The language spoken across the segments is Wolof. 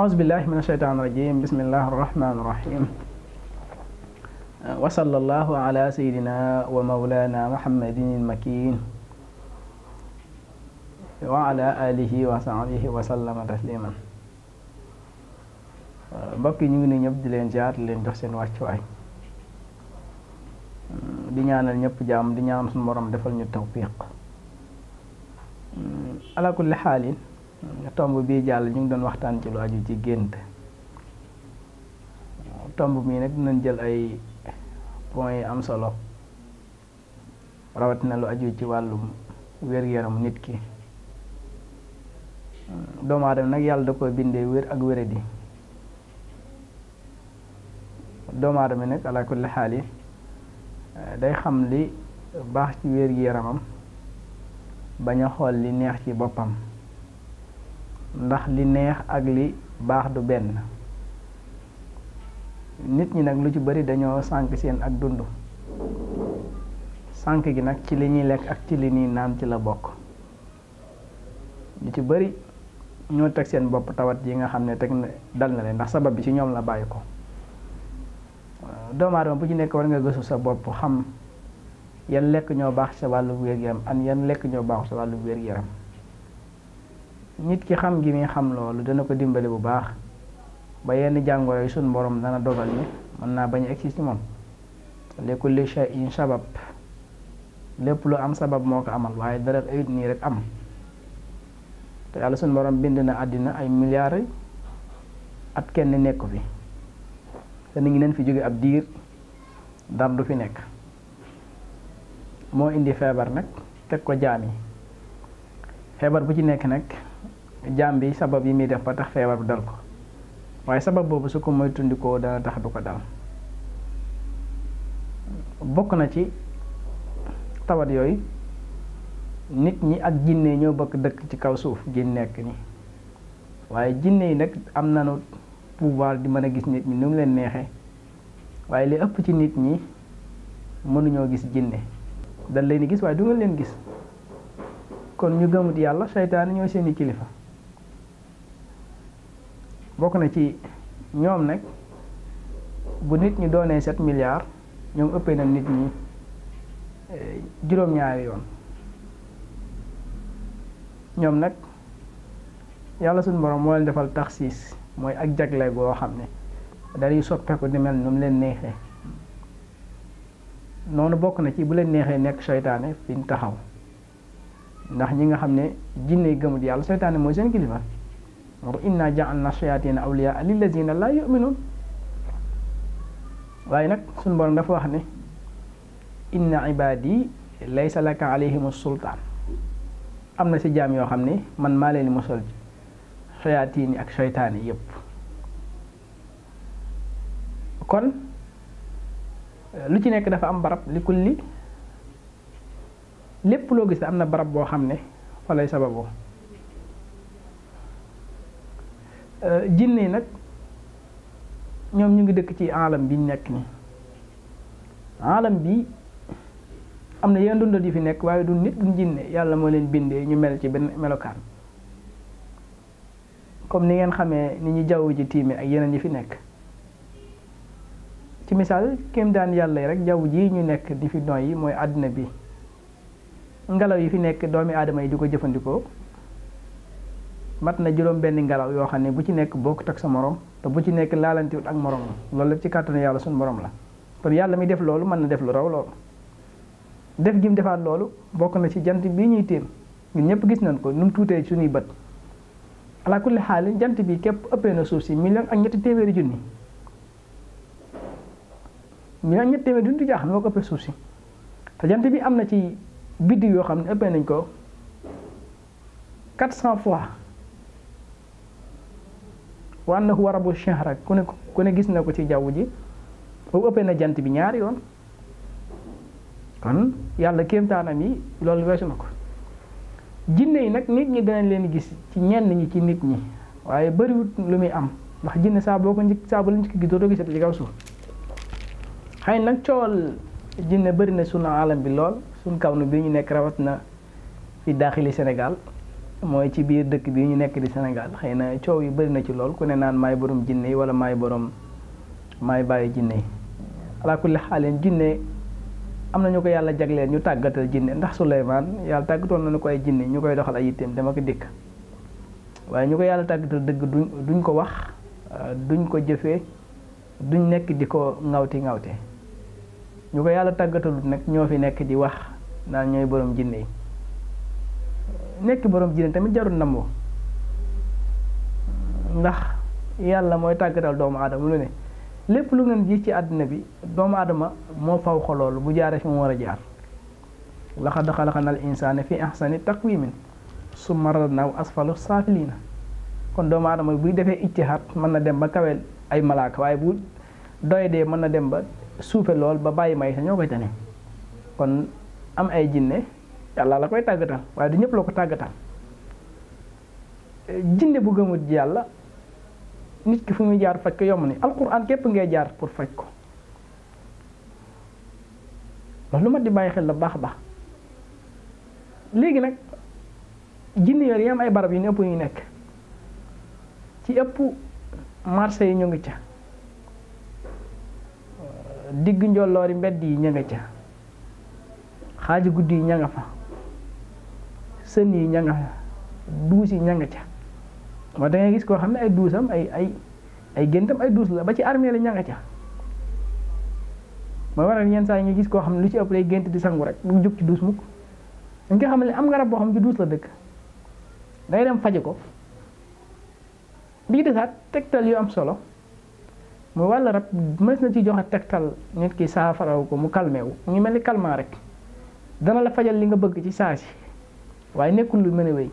أعوذ بالله من الشيطان الرجيم بسم الله الرحمن الرحيم وصلى الله على سيدنا ومولانا محمد المكين وعلى آله وصحبه وسلم تسليما بكي نيوني نيبدي لين جات لين دوسين واتواي دي نيان نيب جام دي نيان سن موروم ديفال ني توفيق على كل حال nga tomb bii jàll ñu ngi doon waxtaan ci lu aju ci gént tomb bii nag dinañ jël ay points yi am solo rawatina lu aju ci wàllu wér-yaram nit ki doomu aadama nag yàlla da ko bindee wér ak wéradi doomu aadama nag ala kulli xaal day xam li baax ci wér-gi-yaramam bañ a xool li neex ci boppam ndax li neex ak li baax du benn nit ñi nag lu ci bari dañoo sànk seen ak dund sànk gi nag ci li ñuy lekk ak ci li ñuy naan ci la bokk ci bari ñoo teg seen bopp tawat yi nga xam ne teg dal na leen ndax sabab bi ci ñoom la bàyyi ko doomu aadama bu ci nekk war nga gëstu sa bopp xam yan lekk ñoo baax sa wàllu wér yaram an yan lek ñoo baax sa wàllu wér yaram nit ki xam gi muy xam loolu dana ko dimbali bu baax ba yenn jàngoro yi suñ boroom dana dogal ni mën naa bañ a egsi moom likulli lépp lu am sabab moo ko amal waaye dara ayut nii rek am te yàlla suñ borom bind na àddina ay milliards at kenn nekku fi te nit ngi leen fi jóge ab diir dara du fi nekk moo indi feebar nag teg ko jaam yi feebar bu ci nekk nag jaam bi sabab yi muy def ba tax feebar bi dal ko waaye sabab boobu su ko moytandikoo dana tax du ko dal bokk na ci tawat yooyu nit ñi ak jinne ñoo bokk dëkk ci kaw suuf gi nekk ni waaye jinne yi nag am nañu pouvoir di mën a gis nit ñi nu leen neexee waaye li ëpp ci nit ñi mënuñoo gis jinne dañ leen di gis waaye du nga leen gis kon ñu gëmut yàlla seytaane ñoo seeni kilifa bokk na ci ñoom nag bu nit ñi doonee set milliards ñoom ëppee na nit ñi eh, juróom-ñaari yoon ñoom nag yàlla suñu borom moo leen defal taxsiis mooy ak jagle boo xam ne dañuy soppeeku di mel nu mu leen neexee noonu bokk na ci bu leen neexee nekk soytaane fi ñu taxaw ndax ñi nga xam ne jinne gëmut yàlla seytaane mooy seen kilifa. moo tax inna ja'alna shayatina awliyaa lillazina la yu'minun waaye nag suñu borom dafa wax ne inna ibaadi laysa laka alayhim sultaan am na si jaam yoo xam ne man maa leen mosal shayatin ak shaytaan yépp kon lu ci nekk dafa am barab li kulli lépp loo gis am na barab boo xam ne fa lay sababoo Euh, jinne yi nag ñoom ñu ngi dëkk ci alam bi ñu nekk nii alam bi am na yenn dundal yi fi nekk waaye dun nit du jinne yàlla moo leen bindee ñu mel ci benn melokaan comme ni ngeen xamee ni ñu jaww ji tiime ak yeneen yi fi nekk ci misaal kéem daan yàlla rek jaww ji ñu nekk di fi noyyi mooy àddina bi ngelaw yi fi nekk doomi aadama yi di ko jëfandikoo mat na juróom benn ngalaw yoo xam ne bu ci nekk bokkut tak sa morom te bu ci nekk laalantiwut ak morom loolu ci kàttanu yàlla sun morom la kon yàlla mi def loolu mën na def lu raw loolu def gi mu defaat loolu bokk na ci jant bii ñuy téem ñun ñëpp gis nañ ko num mu tuutee suñuy bët ala kulli xaali jant bi képp ëppee na suuf si million ak ñetti téeméeri junni million ak ñetti téeméeri junni du jaax moo ko ëppee suuf si te jant bi am na ci biddiw yoo xam ne ëppee nañ ko 400 fois wa annahu wa rabu shahra ku ne ku ne gis na ko ci jaww ji boobu ëppee na jant bi ñaari yoon kon yàlla kéemtaanam yi loolu weesu na ko jinne yi nag nit ñi danañ leen gis ci ñenn ñi ci nit ñi waaye bariwut lu muy am ndax jinne saaboo ko njëkk saa bu la njëkk gi dootoo gisati ci kaw suuf xëy nag coowal jinne bari na sunu alam bi lool sunu kaw na bi ñu nekk rawat na fi daaxili Sénégal mooy ci biir dëkk bi ñu nekk di senegal xëy na coow yi bëri na ci lool ku ne naan may borom jinne yi wala may borom maay bàyyi jinne yi alaa kulli jinne am na ñu ko yàlla jagleel ñu tàggatal jinne ndax Souleymane yàlla tàggatoon na ñu koy jinne ñu koy doxal a yitteem dama ko dikk waaye ñu ko yàlla tàggatal dëgg duñ duñ ko wax euh, duñ ko jëfee duñ nekk di ko ŋawti ŋawte ñu ko yàlla tàggatalut nag ñoo fi nekk di wax naan ñooy boroom jinne yi nekk borom diine tamit jarul namoo ndax yàlla mooy tàggatal doomu aadama lu ne lépp lu ngeen gis ci àddina bi doomu aadama moo faw ko loolu bu jaaree fi mu war a jaar laqad xalaqnal insaana fi ahsani taqwimin summa radadnaahu lii na kon doomu aadama buy defee ijtihaad mën na dem ba kaweel ay malaaka waaye bu doy dee mën na dem ba suufe lool ba bàyyi may sa ñoo koy tane kon am ay jinne yalla la koy tagatal way di ñëpp loko tagatal jinde jinne bu gëmut yalla nit ki fu mu jaar fajj ko yom ni alquran kep ngay jaar pour fajj ko loolu lu di baye xel la bax bax legi nak jinne yori am ay barab yu ñu nek yu ci ëpp marché yi ñu ngi ca digg njolloori mbeddi yi ca guddii fa sën yi ña nga ah, duus yi ca moo da ngay gis ko xamne ay duusam ay ay ay gentam ay duus la ba ci armée la ñanga ca mooy waral ñen saa ngay gis ko xamne lu ci ëpp lay gént di sangu rek mu juk ci duus mu nga am nga rab bo xam ci duus la dëkk day dem faje ko de desaat tektal yu am solo mu wal rab mës na ci joxe tektal nit ki safara ko mu calmé wu ñu melni calmant rek dana la fajal li nga bëgg ci saasi si waaye nekkul lu mën ne wéy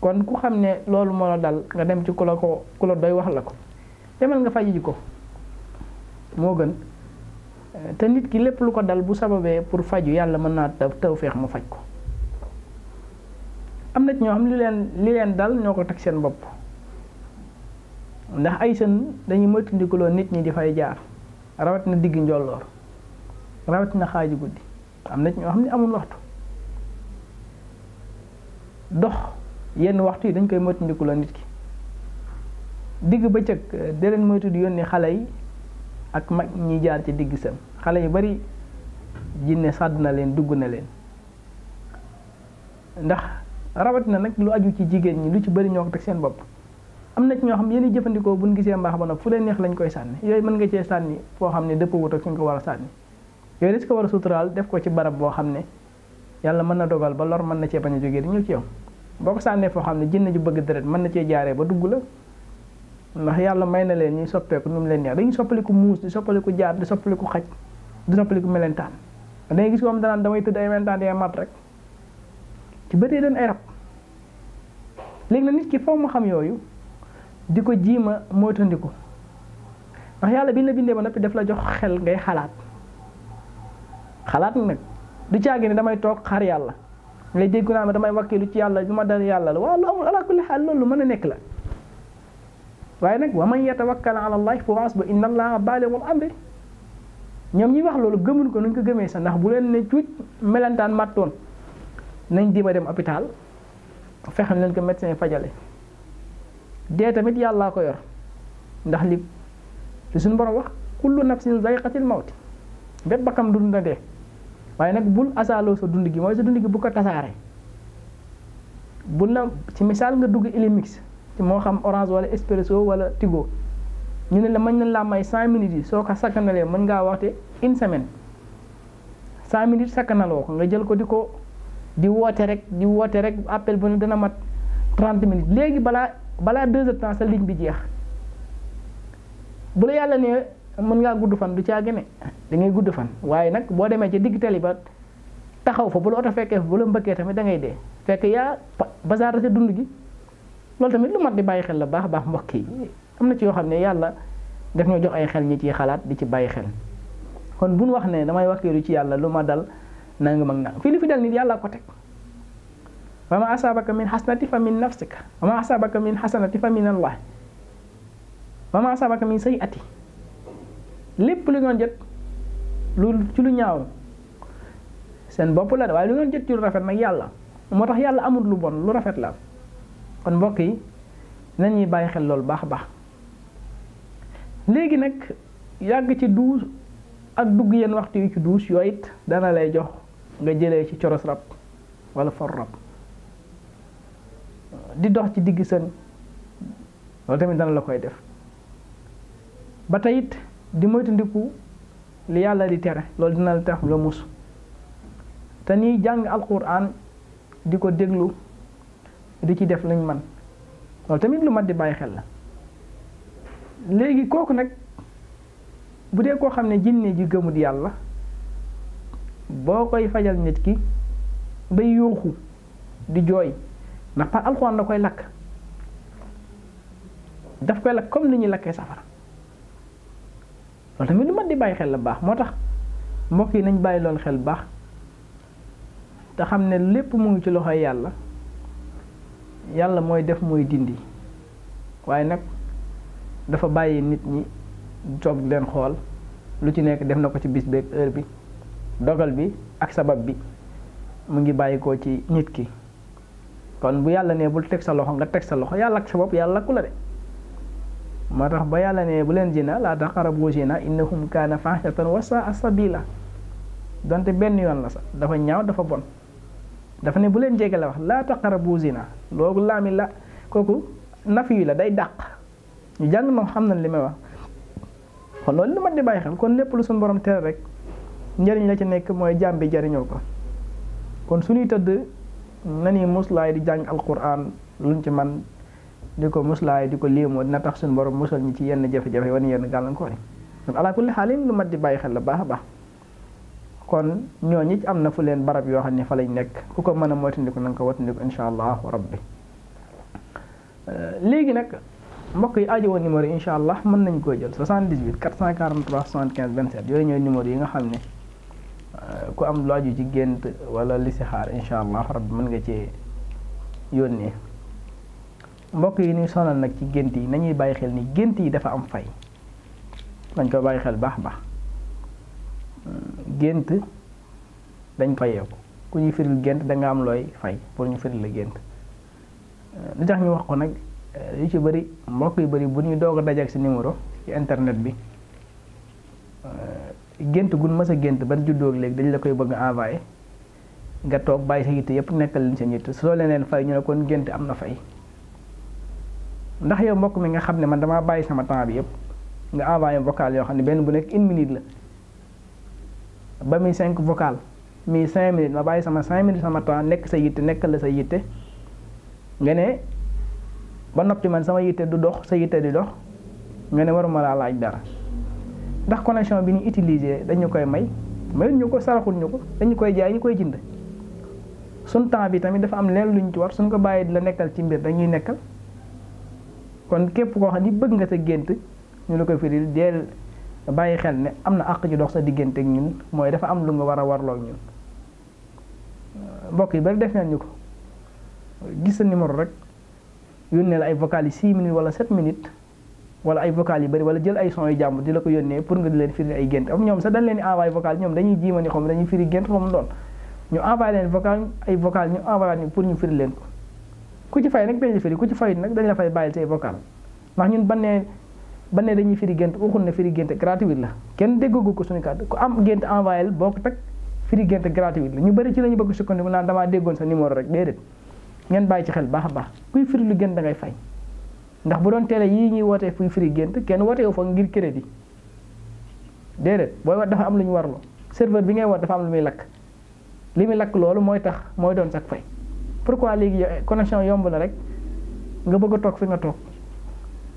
kon ku xam ne loolu moo la dal nga dem ci ku la ko ku la doy wax la ko demal nga faji ko moo gën eh, te nit ki lépp lu ko dal bu sababee pour faju yàlla mën naa taw tew feex mu faj ko am na ci ñoo xam li leen li leen dal ñoo ko teg seen bopp ndax ay sën dañuy moytandikuloo nit ñi di fay jaar rawat na digg njolloor rawat na xaaju guddi am na ci ñoo xam ne amul waxtu dox yenn waxtu yi dañ koy moytandiku la nit ki digg ba euh, da leen moytu di yónni xale yi ak mag ñi jaar ci digg seen xale yu bari jinne sàdd na leen dugg na leen ndax na nag lu aju ci jigéen ñi lu ci bari ñoo ko teg seen bopp am na ñoo xam yéen jëfandikoo buñ gisee mbaax ba nag fu leen neex lañ koy sànni yooyu mën nga cee sànni foo xam ne dëpp wut ak fi nga ko war a sànni yooyu des ko war a suturaal def ko ci barab boo xam ne yàlla mën na dogal ba lor mën na cee bañ a jógee di ñëw ci yow boo ko sànnee foo xam ne jinn ju bëgg deret mën na cee jaaree ba dugg la ndax yàlla may na leen ñuy soppeeku nu mu leen neex dañuy soppaliku muus di soppaliku jaar di soppaliku xaj di soppaliku melentaan dangay gis ko am danaan damay tëdd ay melentaan day mat rek ci bëtee doon ay rab léegi na nit ki faw mu xam yooyu di ko jiima moytandiku ndax yàlla bi la bindee ba noppi daf la jox xel ngay xalaat xalaat nag du caagi ne damay toog xaar yàlla ngay dégg naa ma damay wakkilu ci yàlla du ma dal yàlla la waaw lu amul ala kulli xaal loolu lu mën a nekk la waaye nag wa man yatawakkal ala allahi fa hasbu inna allaha baalighul amri ñoom ñi wax loolu gëmul ko nuñ ko gëmee sax ndax bu leen ne cuuc melentaan mattoon nañ dima dem hôpital fexe leen ko médecin fajale dee tamit yàllaa ko yor ndax li li suñu a wax kullu nafsin zayqatil mawti bépp kam dund na dee waaye nag bul asaaloo sa dund gi mooy sa dund gi bu ko tasaare bu na ci misaal nga dugg Illimix moo xam orange wala espresso wala tigo ñu ne la mën na laa may cent minutes yi soo ko sakkanalee mën ngaa waxte une semaine cinq minutes sakkanaloo ko nga jël ko di ko di woote rek di woote rek appel bu ne dana mat trente minutes léegi balaa balaa deux heures temps sa ligne bi jeex bu la yàlla ne mën nga gudd fan du ci ne da ngay gudd fan waaye nag boo demee ci digital tali ba taxaw fa bu la oto fekkee bu la mbëkkee tamit da ngay dee fekk yaa ci dund gi loolu tamit lu mat di bàyyi xel la baax baax mbokk yi am na ci yoo xam ne yàlla daf ñoo jox ay xel ñi ci xalaat di ci bàyyi xel kon buñ wax ne damay wakkeeru ci yàlla lu ma dal nangam ak nangam fii li fi dal nit yàlla ko teg wa ma asabaka min hasanati fa min nafsika wa ma asabaka min hasanati fa min allah wa ma asabaka min lepp lu ngeen jot lu ci lu ñaaw seen bopp la waaye lu ngeen jot ci lu rafet nag yàlla moo tax amul lu bon lu rafet la kon mbokk yi nañuy bàyyi xel loolu baax baax léegi nag yàgg ci duus ak dugg yenn waxtu yu ci duus yooyu it dana lay jox nga jëlee ci coros rab wala for rab di dox ci digg sën loolu tamit dana la koy def ba di moytandiku li yàlla di tere loolu dina la tax la mus te ni jàng alquran di ko déglu di ci def lañ man loolu tamit lu mat di bàyyi xel la léegi kooku nag bu dee koo xam ne jinne ji gëmut yàlla boo koy fajal nit ki bay yuuxu di jooy ndax par alxuraan da koy lakk daf koy lakk comme li ñuy lakkee safara lolu tamit lu mën di bàyyi xel la baax moo tax mbokk yi nañ bàyyi loolu xel baax te xam ne lépp mu ngi ci loxoy yàlla yàlla mooy def mooy dindi waaye nag dafa bàyyi nit ñi jog leen xool lu ci nekk def na ko ci bis beeg heure bi dogal bi ak sabab bi mu ngi bàyyi ko ci nit ki kon bu yàlla ne bul teg sa loxo nga teg sa loxo yàlla ak sabab yàlla ku la de moo tax ba yàlla ne bu leen zina laa taqrabu zina innahum kaana fahishatan wa sa'a sabila donte benn yoon la sax dafa ñaaw dafa bon dafa ne bu leen jege la wax laa taqrabu zina loolu laami la kooku naf la day dàq ñu jàng moom xam nañ li may wax kon loolu lu ma di bàyyi xel kon lépp lu suñu boroom tere rek njëriñ la ci nekk mooy jaam bi jëriñoo ko kon suñuy tëdd na ni muslaay di jàng alquran luñ ci man di ko muslaay di ko liimoo dina tax suñu borom musal ñi ci yenn jafe-jafe wan yenn gàllankoor yi kon ala kulli xaalin lu mat di bàyyi xel la baax a baax kon ñoo ñooñu am na fu leen barab yoo xam ne fa lañ nekk ku ko mën a moytandiku na nga ko watandiku incha allahu rabbi euh, léegi nag mbokk yi aajowoo numéro yi incha allah mën nañ koo jël 78 443 75 27 yooyu ñooy numéro yi nga xam ne euh, ku am lu aju ci gént wala li si xaar incha allah rabbi mën nga ci yónnee mbokk yi ñuy sonal nag ci gént yi nañuy bàyyi xel ni gént yi dafa am fay dañ ko bàyyi xel baax baax gént dañ fayee ko ku ñuy firil gént da am looy fay pour ñu firil la gént lu tax ñu wax ko nag yu ci bëri mbokk yu bari bu ñu doog a dajeek si numéro ci internet bi euh, gént gun mës a gént ban juddoo léegi dañ la koy bëgg envoyé nga toog bàyyi sa yitte yëpp nekkal liñ sa nit soo leneen fay ñu ne kon gént am na fay ndax yow mbokk mi nga xam ne man damaa bàyyi sama temps bi yëpp nga envoyé vocal yoo xam ne benn bu nekk une minute la ba muy cinq vocal mi cinq minutes ma bàyyi sama cinq minutes sama temps nekk sa yitte nekkal la sa yitte nga ne ba noppi man sama yitte du dox sa yitte di dox nga ne waruma laa laaj dara ndax connexion bi ñu utiliser dañu koy may mayut ñu ko saraxul ñu ko dañu koy jaay ñu koy jënd sun temps bi tamit dafa am leen ñu ci war suñ ko bàyyi di la nekkal ci mbir dañuy nekkal kon képp koo xam ni bëgg nga sa gént ñu la ko firil del bàyyi xel ne am na àq ju dox sa diggante ak ñun mooy dafa am lu nga war a war ak ñun euh, mbokk yi bari def nañ ñu ko gis sa numéro rek yónnee la ay vocal yi 6 minutes wala 7 minutes wala ay vocal yu bari wala jël ay son yu jàmbur di la ko yónnee pour nga di leen firi ay gént am ñoom sax dañ leen di envoyé vocal ñoom dañuy jiima ni xam dañuy firi gént xam doon ñu envoyé vocal ay vocal ñu envoyé ñu pour ñu firi leen ko ku ci fay nag dañuy ku ci fayit nag dañ la fay bàyyil say vocal ndax ñun ban nee ban nee dañuy firi gént waxul ne firi gént gratuite la kenn déggagu ko suñu kàddu ku am gént envoyé la boo ko teg firi gént gratuite la ñu bëri ci la ñu bëgg sukkandiku naan damaa déggoon sa numéro rek déedéet ngeen bàyyi ci xel baax a baax kuy firi lu gént da ngay fay ndax bu doon télé yii ñuy wootee fuy firi gént kenn wooteewu fa ngir crédit déedéet booy wat dafa am lu ñu warloo serveur bi ngay wat dafa am lu muy lakk li muy lakk loolu mooy tax mooy doon sag fay pourquoi léegi connexion yomb na rek nga bëgg a toog fi nga toog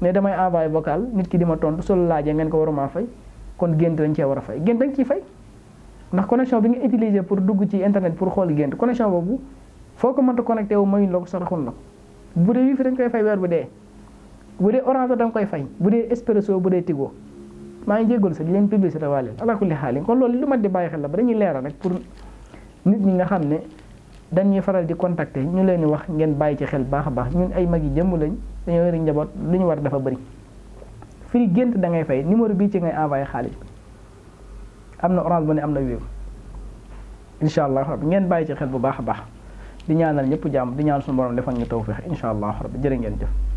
ne damay envoyé vocal nit ki di ma tontu solo laajee ngeen ko waruma fay kon gént dañ cee war a fay gént dañ ciy fay ndax connexion bi nga utiliser pour dugg ci internet pour xool gént connexion boobu foo ko mënta connecté wu mayuñ la ko saraxun la ko bu dee wifi dañ koy fay weer bu dee bu dee orange da koy fay bu dee Expresso bu dee Tigo maa ngi jégalu sax di leen publicité waa leen ala kulli xaali kon loolu lu mat di bàyyi nga xam ne dañuy faral di contacter ñu leen di wax ngeen bàyyi ci xel baax a baax ñun ay mag yi jëmm lañ dañoo yore njaboot ñu war dafa bëri firi gént da ngay fay numéro bii ci ngay envoyé xaalis bi am na orange bu ne am na wéew incha allah rabbi ngeen bàyyi ci xel bu baax a baax di ñaanal ñëpp jàmm di ñaan suñu borom defal ñu tawfiix incha allah rabbi jërë ngeen jëf